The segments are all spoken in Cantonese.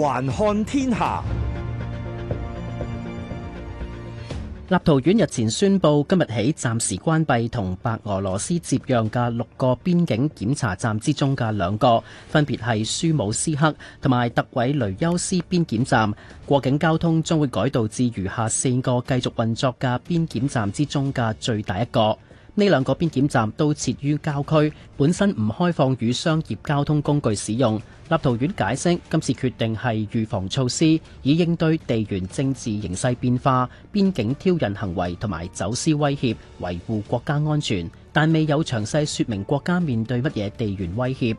環看天下，立陶宛日前宣布，今日起暫時關閉同白俄羅斯接壤嘅六個邊境檢查站之中嘅兩個，分別係舒姆斯克同埋特韋雷丘斯邊檢站。過境交通將會改道至餘下四個繼續運作嘅邊檢站之中嘅最大一個。呢兩個邊檢站都設於郊區，本身唔開放與商業交通工具使用。立陶宛解釋，今次決定係預防措施，以應對地緣政治形勢變化、邊境挑釁行為同埋走私威脅，維護國家安全。但未有詳細說明國家面對乜嘢地緣威脅。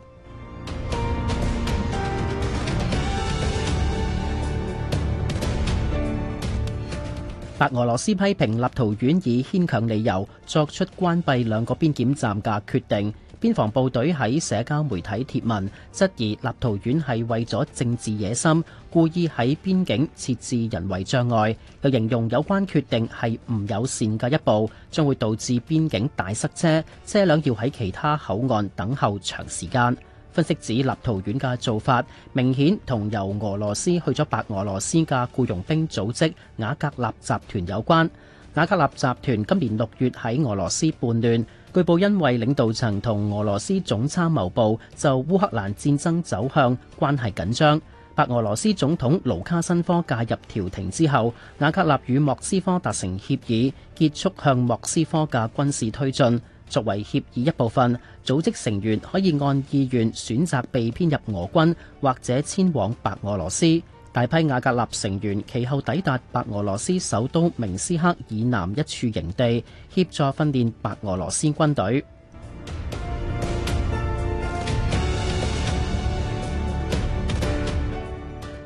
白俄羅斯批評立陶宛以牽強理由作出關閉兩個邊檢站嘅決定，邊防部隊喺社交媒體貼文質疑立陶宛係為咗政治野心，故意喺邊境設置人為障礙，又形容有關決定係唔友善嘅一步，將會導致邊境大塞車，車輛要喺其他口岸等候長時間。分析指，立陶宛嘅做法明顯同由俄羅斯去咗白俄羅斯嘅僱傭兵組織瓦格納集團有關。瓦格納集團今年六月喺俄羅斯叛亂，據報因為領導層同俄羅斯總參謀部就烏克蘭戰爭走向關係緊張。白俄羅斯總統盧卡申科介入調停之後，瓦格納與莫斯科達成協議，結束向莫斯科嘅軍事推進。作為協議一部分，組織成員可以按意願選擇被編入俄軍，或者遷往白俄羅斯。大批瓦格納成員其後抵達白俄羅斯首都明斯克以南一處營地，協助訓練白俄羅斯軍隊。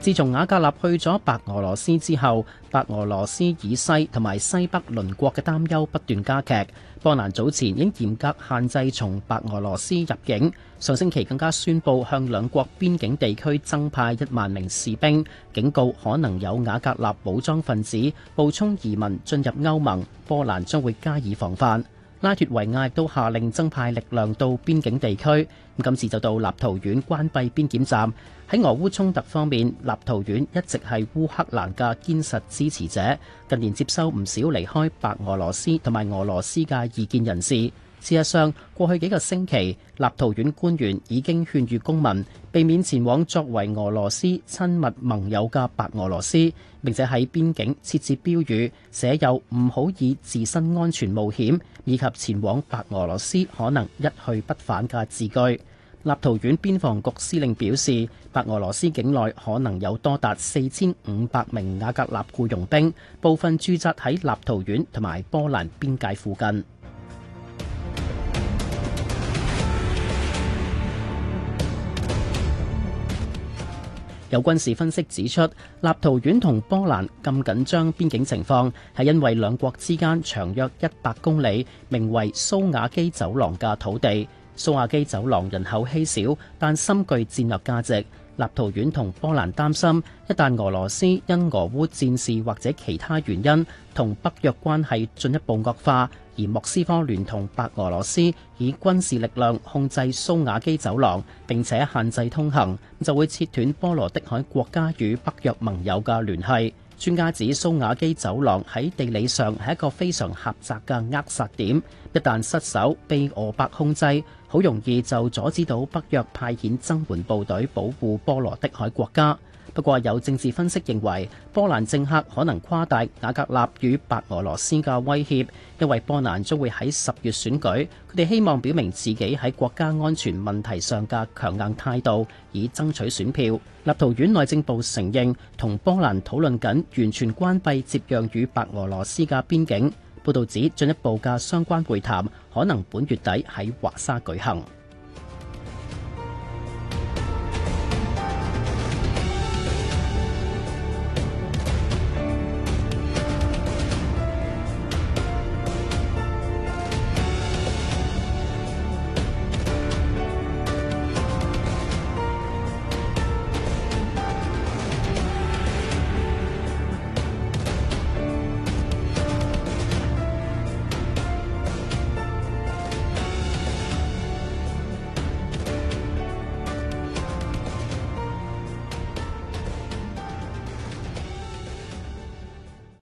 自從瓦格納去咗白俄羅斯之後，白俄羅斯以西同埋西北鄰國嘅擔憂不斷加劇。波蘭早前已嚴格限制從白俄羅斯入境，上星期更加宣布向兩國邊境地區增派一萬名士兵，警告可能有瓦格納武裝分子冒充移民進入歐盟，波蘭將會加以防範。拉脫維亞亦都下令增派力量到邊境地區。今次就到立陶宛關閉邊檢站。喺俄烏衝突方面，立陶宛一直係烏克蘭嘅堅實支持者，近年接收唔少離開白俄羅斯同埋俄羅斯嘅異見人士。事實上，過去幾個星期，立陶宛官員已經勸喻公民避免前往作為俄羅斯親密盟友嘅白俄羅斯，並且喺邊境設置標語，寫有唔好以自身安全冒險，以及前往白俄羅斯可能一去不返嘅字句。立陶宛邊防局司令表示，白俄羅斯境內可能有多達四千五百名瓦格納僱傭兵，部分駐紮喺立陶宛同埋波蘭邊界附近。有軍事分析指出，立陶宛同波蘭咁緊張邊境情況，係因為兩國之間長約一百公里、名為蘇瓦基走廊嘅土地。蘇瓦基走廊人口稀少，但深具戰略價值。立陶宛同波蘭擔心，一旦俄羅斯因俄烏戰事或者其他原因同北約關係進一步惡化，而莫斯科聯同白俄羅斯以軍事力量控制蘇瓦基走廊並且限制通行，就會切斷波羅的海國家與北約盟友嘅聯繫。專家指蘇瓦基走廊喺地理上係一個非常狹窄嘅扼殺點，一旦失守被俄白控制，好容易就阻止到北約派遣增援部隊保護波羅的海國家。不過有政治分析認為波蘭政客可能誇大瓦格納與白俄羅斯嘅威脅，因為波蘭將會喺十月選舉，佢哋希望表明自己喺國家安全問題上嘅強硬態度，以爭取選票。立陶宛內政部承認同波蘭討論緊完全關閉接壤與白俄羅斯嘅邊境。報導指進一步嘅相關會談可能本月底喺華沙舉行。